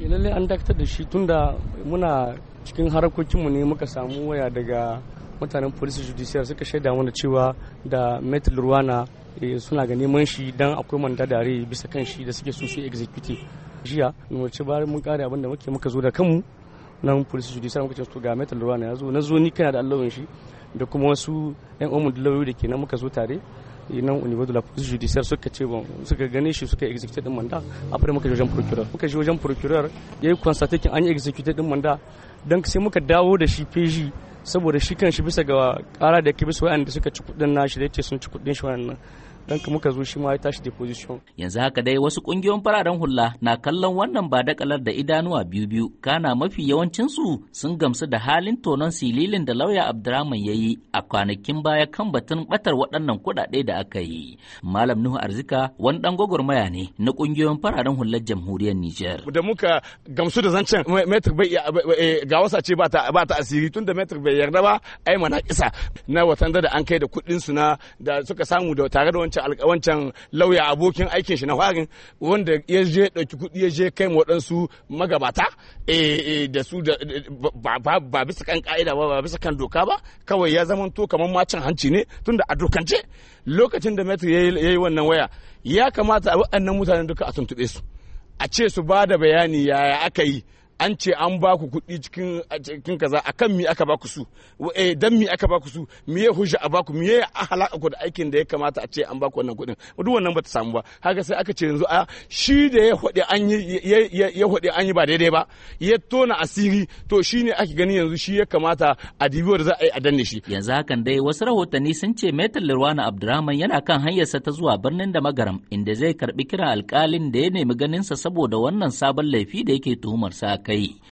Eh, lalle an dakatar da shi tunda muna cikin harakokinmu ne muka samu waya daga mutanen police judiciary suka shaida mana cewa da metal ruwana eh, suna ga neman shi dan akwai manta dare bisa kan shi da suke so su executive jiya mu ci bayan mun kare abin da muke muka zo da kanmu nan police judiciary muka ce to ga metal ruwa na yazo na zo ni kana da allowin shi da kuma wasu yan uwan da lauyoyi da ke nan muka zo tare nan au niveau de la police judiciaire suka ce suka gane shi suka execute din mandat après muka je wajen procureur muka je wajen procureur yayi constate kin an yi execute din manda dan sai muka dawo da shi PJ saboda shi kan shi bisa ga kara da yake bisa wa'anda suka ci kudin nashi da yace sun ci kudin shi wannan dan muka zo shi ma ya tashi deposition yanzu haka dai wasu kungiyoyin fararen hula na kallon wannan ba dakalar da idanuwa biyu biyu kana mafi yawancin su sun gamsu da halin tonon sililin da lauya Abdurrahman yi a kwanakin baya kan batun batar waɗannan kuɗaɗe da aka yi malam Nuhu Arzika wani ɗan gwagwarmaya ne na kungiyoyin fararen hular jamhuriyar Nijar da muka gamsu da zancen metric bai eh, ga wasa ce ba ta asiri da metric bai yarda ba ai mana kisa na watan da an kai da kuɗin su na da suka samu da tare da wancan wancan lauya abokin aikin shi na farin wanda ya je dauki kuɗi ya je kai waɗansu magabata eh, eh, da su ba bisa kan ka'ida ba ba bisa kan doka ba kawai ya zama to kamar macin hanci ne tunda a dokance lokacin da metro ya yi wannan waya ya kamata a waɗannan mutanen duka a tuntuɓe su a ce su ba da bayani yaya aka yi an ce an ba ku kuɗi cikin kaza kaza kan mi aka ba ku su eh, dan mi aka ba ku su mi ya hujja a ba ku mi ya halaka ku da aikin da ya kamata a ce an ba ku wannan kuɗin duk wannan ba ta samu ba haka sai aka ce yanzu a shi da ya hode an yi ya hode an yi ba daidai ba ya tona asiri to shine ake gani yanzu shi ya kamata a dibi da za a yi a danne shi yanzu hakan dai wasu rahotanni sun ce Metal Lirwana Abdurrahman yana kan hanyarsa ta zuwa birnin da magaram inda zai karbi kiran alkalin da ya nemi ganin sa saboda wannan sabon laifi da yake tuhumar sa 可以。